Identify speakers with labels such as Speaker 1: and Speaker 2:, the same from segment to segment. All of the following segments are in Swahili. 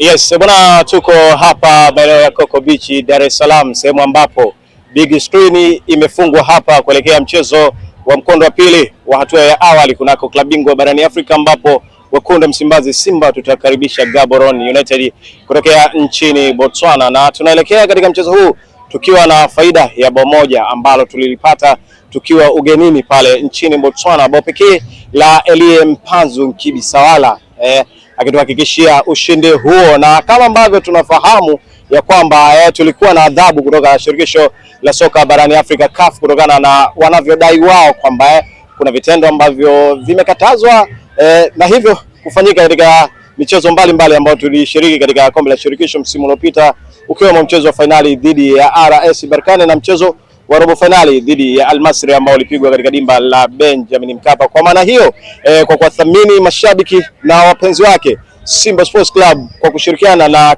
Speaker 1: Yes, bwana, tuko hapa maeneo ya Coco Beach, Dar es Salaam, sehemu ambapo big screen imefungwa hapa kuelekea mchezo wa mkondo wa pili wa hatua ya awali kunako klabu bingwa barani Afrika ambapo wekundu Msimbazi Simba tutakaribisha Gaborone United kutokea nchini Botswana, na tunaelekea katika mchezo huu tukiwa na faida ya bao moja ambalo tulilipata tukiwa ugenini pale nchini Botswana, bao pekee la Elie Mpanzu Nkibisawala eh, akituhakikishia ushindi huo, na kama ambavyo tunafahamu ya kwamba eh, tulikuwa na adhabu kutoka shirikisho la soka barani Afrika CAF kutokana na wanavyodai wao kwamba eh, kuna vitendo ambavyo vimekatazwa eh, na hivyo kufanyika katika michezo mbalimbali ambayo tulishiriki katika kombe la shirikisho msimu uliopita ukiwemo mchezo wa fainali dhidi ya RS Berkane na mchezo wa robo fainali dhidi ya Almasri ambao walipigwa katika dimba la Benjamin Mkapa. Kwa maana hiyo eh, kwa kuwathamini mashabiki na wapenzi wake Simba Sports Club kwa kushirikiana na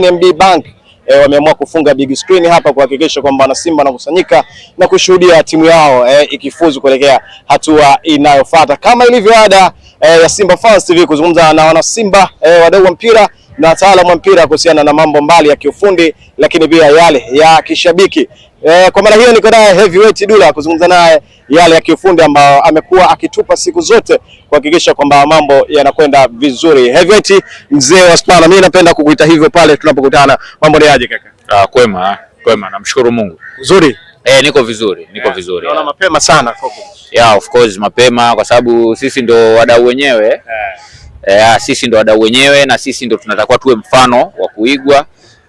Speaker 1: NMB Bank E, wameamua kufunga big screen hapa kuhakikisha kwamba wanasimba wanakusanyika na kushuhudia timu yao e, ikifuzu kuelekea hatua inayofuata kama ilivyo ada e, ya Simba Fans TV kuzungumza na wanasimba e, wadau wa mpira na wataalamu wa mpira kuhusiana na mambo mbali ya kiufundi, lakini pia yale ya kishabiki E, kwa mara hiyo niko naye Heavyweight Dulla kuzungumza naye yale ya kiufundi ambayo amekuwa akitupa siku zote kuhakikisha kwamba mambo yanakwenda vizuri. Heavyweight, mzee wa spana, mimi napenda kukuita hivyo pale tunapokutana. Mambo ni aje kaka?
Speaker 2: Ah, kwema, ah, kwema, namshukuru Mungu.
Speaker 1: Nzuri. Eh, niko vizuri,
Speaker 2: niko yeah, vizuri. Naona mapema sana koko. Yeah, of course mapema kwa sababu sisi ndo wadau wenyewe yeah. Eh, eh ah, sisi ndo wadau wenyewe na sisi ndo tunatakiwa tuwe mfano wa kuigwa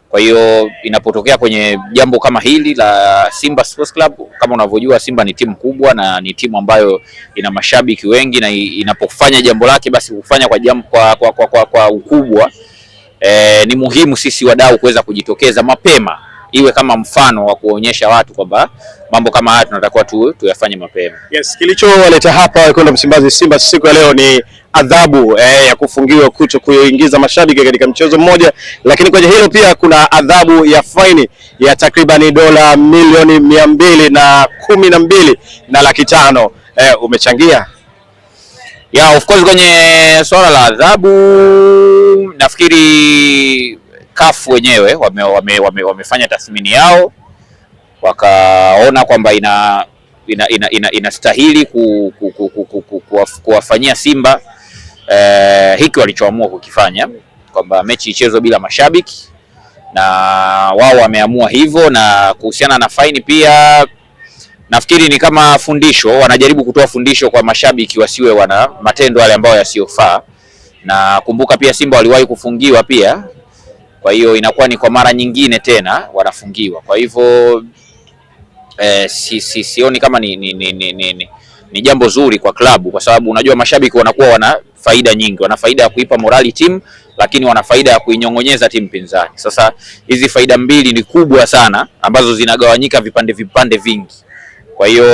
Speaker 2: kwa hiyo inapotokea kwenye jambo kama hili la Simba Sports Club, kama unavyojua Simba ni timu kubwa na ni timu ambayo ina mashabiki wengi, na inapofanya jambo lake basi hufanya kwa, kwa, kwa, kwa, kwa ukubwa. E, ni muhimu sisi wadau kuweza kujitokeza mapema iwe kama mfano wa kuonyesha watu kwamba mambo kama haya tunatakiwa tu tuyafanye mapema.
Speaker 1: Yes, kilichowaleta hapa kwenda Msimbazi Simba siku ya leo ni adhabu eh, ya kufungiwa kuto kuingiza mashabiki katika mchezo mmoja, lakini kwenye hilo pia kuna adhabu ya faini ya takribani dola milioni mia mbili na kumi na mbili na laki tano. Eh, umechangia
Speaker 2: ya, of course kwenye swala la adhabu nafikiri CAF wenyewe wame, wame, wame, wamefanya tathmini yao wakaona kwamba ina inastahili ina, ina, ku, ku, ku, ku, ku, ku, kuwafanyia Simba eh, hiki walichoamua kukifanya kwamba mechi ichezwe bila mashabiki na wao wameamua hivyo. Na kuhusiana na faini pia nafikiri ni kama fundisho, wanajaribu kutoa fundisho kwa mashabiki wasiwe wana matendo yale ambayo yasiyofaa. Na kumbuka pia Simba waliwahi kufungiwa pia kwa hiyo inakuwa ni kwa mara nyingine tena wanafungiwa. Kwa hivyo eh, si, si, sioni kama ni, ni, ni, ni, ni, ni jambo zuri kwa klabu, kwa sababu unajua mashabiki wanakuwa wana faida nyingi, wana faida ya kuipa morali timu, lakini wana faida ya kuinyong'onyeza timu pinzani. Sasa hizi faida mbili ni kubwa sana, ambazo zinagawanyika vipande vipande vingi. Kwa hiyo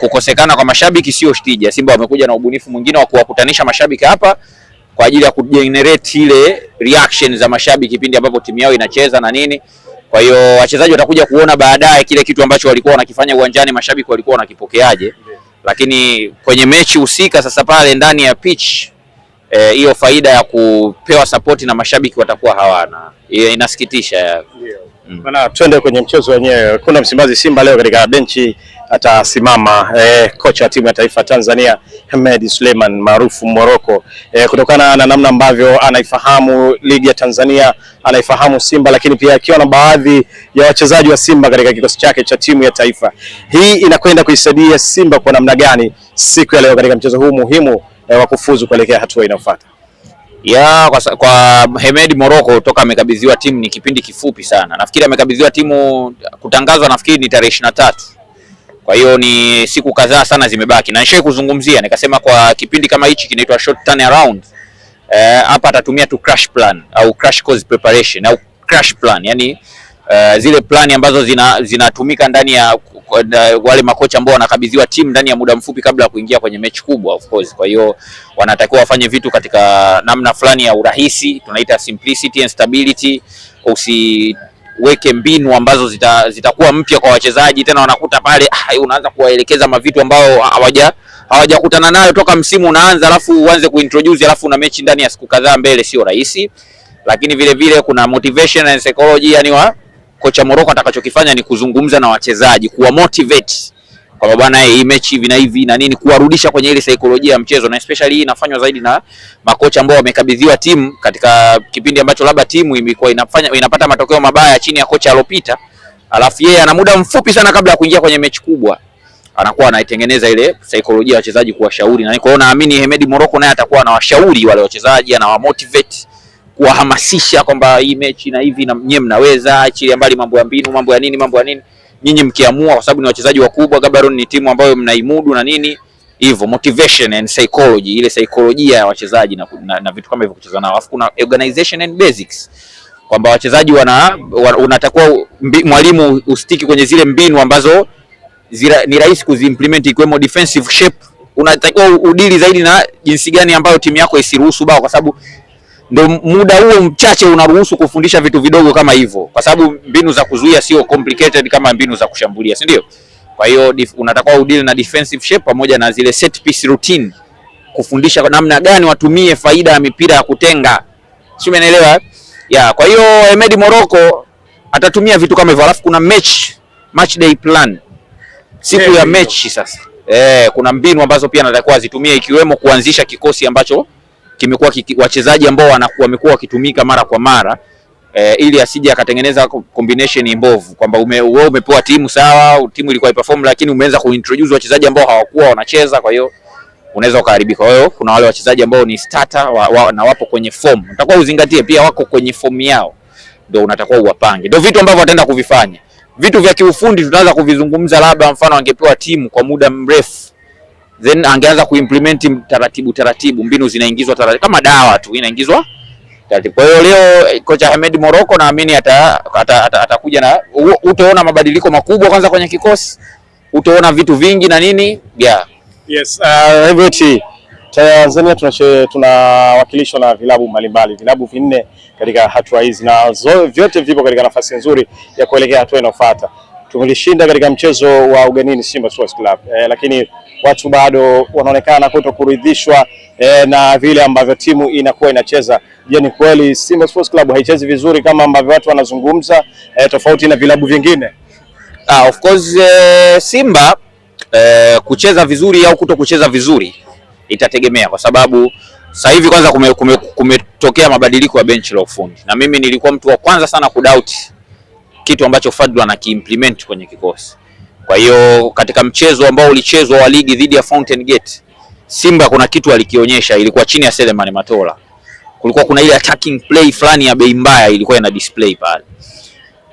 Speaker 2: kukosekana kwa mashabiki sio tija. Simba wamekuja na ubunifu mwingine wa kuwakutanisha mashabiki hapa kwa ajili ya kujenerate ile reaction za mashabiki pindi ambapo timu yao inacheza na nini. Kwa hiyo wachezaji watakuja kuona baadaye kile kitu ambacho walikuwa wanakifanya uwanjani, mashabiki walikuwa wanakipokeaje, lakini kwenye mechi husika sasa pale ndani ya pitch eh, hiyo e, faida ya kupewa sapoti na mashabiki watakuwa hawana. Inasikitisha ya. Mm. Bana,
Speaker 1: twende kwenye mchezo wenyewe. Kuna Msimbazi Simba leo katika benchi atasimama eh, kocha wa timu ya taifa Tanzania Ahmed Suleiman maarufu Moroko, eh, kutokana na namna ambavyo anaifahamu ligi ya Tanzania, anaifahamu Simba, lakini pia akiwa na baadhi ya wachezaji wa Simba katika kikosi chake cha timu ya taifa. Hii inakwenda kuisaidia Simba kwa namna gani siku ya leo katika mchezo huu muhimu eh, wa kufuzu kuelekea hatua inayofuata?
Speaker 2: ya kwa, kwa Hemed Morocco toka amekabidhiwa timu ni kipindi kifupi sana. Nafikiri amekabidhiwa timu kutangazwa, nafikiri ni tarehe ishirini na tatu. Kwa hiyo ni siku kadhaa sana zimebaki, na nishaye kuzungumzia nikasema kwa kipindi kama hichi kinaitwa short turn around eh, hapa, eh, atatumia tu crash plan au crash course preparation au crash plan yani uh, zile plani ambazo zina, zinatumika ndani ya wale makocha ambao wanakabidhiwa timu ndani ya muda mfupi kabla ya kuingia kwenye mechi kubwa of course. Kwa hiyo wanatakiwa wafanye vitu katika namna fulani ya urahisi, tunaita simplicity and stability. Usiweke mbinu ambazo zitakuwa zita mpya kwa wachezaji, tena wanakuta pale ah, unaanza kuwaelekeza mavitu ambayo hawaja hawajakutana nayo toka msimu unaanza, alafu uanze kuintroduce, alafu una mechi ndani ya siku kadhaa mbele, sio rahisi. Lakini vile vile kuna motivation and psychology yani wa kocha Moroko atakachokifanya ni kuzungumza na wachezaji, kuwa motivate kwamba bwana, hii mechi hivi na hivi na nini, kuwarudisha kwenye ile saikolojia ya mchezo, na especially hii inafanywa zaidi na makocha ambao wamekabidhiwa timu katika kipindi ambacho labda timu imekuwa inafanya inapata matokeo mabaya chini ya kocha alopita, alafu yeye ana muda mfupi sana kabla ya kuingia kwenye mechi kubwa anakuwa anaitengeneza ile saikolojia ya wachezaji kuwashauri, na kwa hiyo naamini Hemedi Moroko naye atakuwa anawashauri wale wachezaji, anawamotivate kuwahamasisha kwamba hii mechi na hivi na nyie mnaweza, achilia mbali mambo ya mbinu, mambo ya nini, mambo ya nini, nyinyi mkiamua, kwa sababu ni wachezaji wakubwa, Gaborone ni timu ambayo mnaimudu na nini hivyo, motivation and psychology, ile saikolojia ya wachezaji na, na, na vitu kama hivyo kucheza nao, alafu kuna organization and basics kwamba wachezaji wana, wana unatakuwa mwalimu ustiki kwenye zile mbinu ambazo zira, ni rahisi kuziimplement ikiwemo defensive shape. Unatakiwa udili zaidi na jinsi gani ambayo timu yako isiruhusu bao, kwa sababu ndo muda huo mchache unaruhusu kufundisha vitu vidogo kama hivyo, kwa sababu mbinu za kuzuia sio complicated kama mbinu za kushambulia, si ndio? Kwa hiyo unatakiwa udeal na defensive shape pamoja na zile set piece routine, kufundisha namna gani watumie faida ya mipira ya kutenga, si umeelewa? Eh? Ya, kwa hiyo Emedi Morocco atatumia vitu kama hivyo, alafu kuna match match day plan siku hey, ya mechi sasa. Eh, kuna mbinu ambazo pia anatakiwa azitumie ikiwemo kuanzisha kikosi ambacho kimekuwa wachezaji ambao wamekuwa wakitumika mara kwa mara e, ili asije akatengeneza combination mbovu kwamba ume, wewe umepewa timu sawa, timu ilikuwa iperform, lakini umeanza kuintroduce wachezaji ambao hawakuwa wanacheza, kwa hiyo unaweza ukaharibika. Kwa hiyo kuna wale wachezaji ambao ni starter wa, wa, na wapo kwenye form, utakuwa uzingatie pia wako kwenye form yao, ndio unatakuwa uwapange, ndio vitu ambavyo wataenda kuvifanya. Vitu vya kiufundi tunaanza kuvizungumza, labda mfano angepewa timu kwa muda mrefu then angeanza kuimplement taratibu taratibu, mbinu zinaingizwa taratibu, kama dawa tu inaingizwa taratibu. Kwa hiyo leo eh, kocha Ahmed Morocco naamini atakuja ata, ata, ata na utaona mabadiliko makubwa kwanza kwenye kikosi, utaona vitu vingi na nini yeah.
Speaker 1: Yes, uh, Tanzania tunawakilishwa tuna na vilabu mbalimbali vilabu vinne katika hatua hizi na vyote vipo katika nafasi nzuri ya kuelekea hatua inayofuata tulishinda katika mchezo wa ugenini Simba Sports Club eh, lakini watu bado wanaonekana kuto kuridhishwa eh, na vile ambavyo timu inakuwa inacheza. Je, ni kweli Simba Sports Club haichezi vizuri kama ambavyo watu wanazungumza eh, tofauti na vilabu vingine?
Speaker 2: Ah, of course eh, Simba eh, kucheza vizuri au kuto kucheza vizuri itategemea kwa sababu sasa hivi kwanza kumetokea kume, kume mabadiliko ya benchi la ufundi, na mimi nilikuwa mtu wa kwanza sana kudoubt kitu ambacho Fadlu anakiimplement kwenye kikosi. Kwa hiyo katika mchezo ambao ulichezwa wa ligi dhidi ya Fountain Gate, Simba kuna kitu alikionyesha, ilikuwa chini ya Selemani Matola. Kulikuwa kuna ile attacking play fulani ya bei mbaya ilikuwa ina display pale.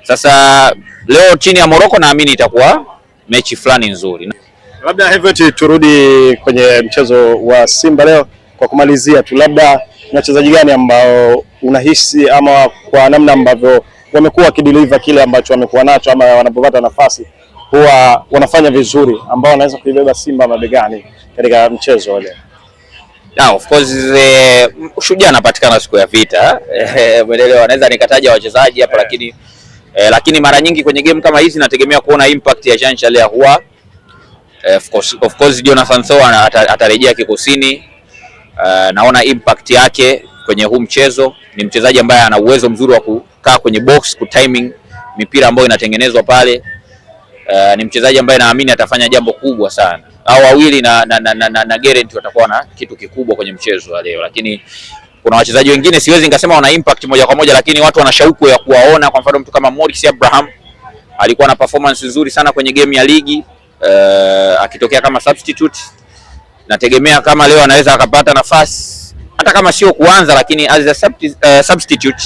Speaker 2: Sasa leo chini ya Morocco naamini itakuwa mechi fulani nzuri.
Speaker 1: Labda Heavyweight, turudi kwenye mchezo wa Simba leo kwa kumalizia tu, labda ni wachezaji gani ambao unahisi ama kwa namna ambavyo wamekuwa wakideliver kile ambacho wamekuwa nacho, ama wanapopata nafasi huwa wanafanya vizuri, ambao wanaweza kuibeba Simba mabegani katika mchezo ule.
Speaker 2: Now, of course eh, shujaa anapatikana siku ya vita eh, umeelewa. nikataja wachezaji hapa yeah. Lakini eh, lakini mara nyingi kwenye game kama hizi nategemea kuona impact ya Jean Charles Ahoua eh, of course, of course Jonathan Sow atarejea kikosini. Uh, eh, naona impact yake kwenye huu mchezo. Ni mchezaji ambaye ana uwezo mzuri wa kukaa kwenye box, ku timing mipira ambayo inatengenezwa pale. Uh, ni mchezaji ambaye naamini atafanya jambo kubwa sana. Hao wawili na, na, na, na, na na Gerent watakuwa na kitu kikubwa kwenye mchezo wa leo, lakini kuna wachezaji wengine siwezi nikasema wana impact moja kwa moja, lakini watu wana shauku ya kuwaona. Kwa mfano mtu kama Morris Abraham alikuwa na performance nzuri sana kwenye game ya ligi uh, akitokea kama substitute. Nategemea kama leo anaweza akapata nafasi hata kama sio kuanza, lakini as a eh, substitute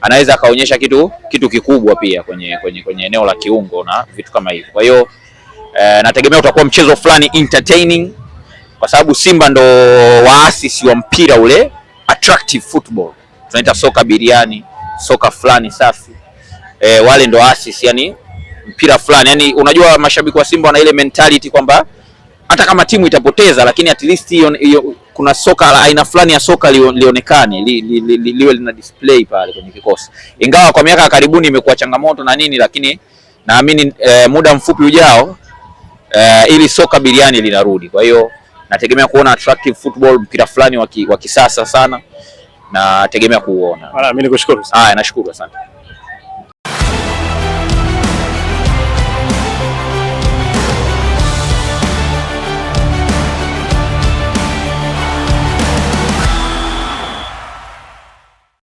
Speaker 2: anaweza akaonyesha kitu kitu kikubwa pia kwenye, kwenye, kwenye eneo la kiungo na vitu kama hivyo. Kwa hiyo eh, nategemea utakuwa mchezo fulani entertaining, kwa sababu Simba ndo waasisi wa mpira ule attractive football tunaita soka biriani, soka fulani safi. Eh, wale ndo waasisi yani mpira fulani yani, unajua mashabiki wa Simba wana ile mentality kwamba hata kama timu itapoteza, lakini at least hiyo kuna soka la aina fulani ya soka lionekane li, li, li, li, liwe lina display pale kwenye kikosi, ingawa kwa miaka ya karibuni imekuwa changamoto na nini, lakini naamini e, muda mfupi ujao e, ili soka biliani linarudi. Kwa hiyo nategemea kuona attractive football, mpira fulani wa kisasa sana, nategemea kuuona. Mimi nikushukuru. Haya, nashukuru, asante.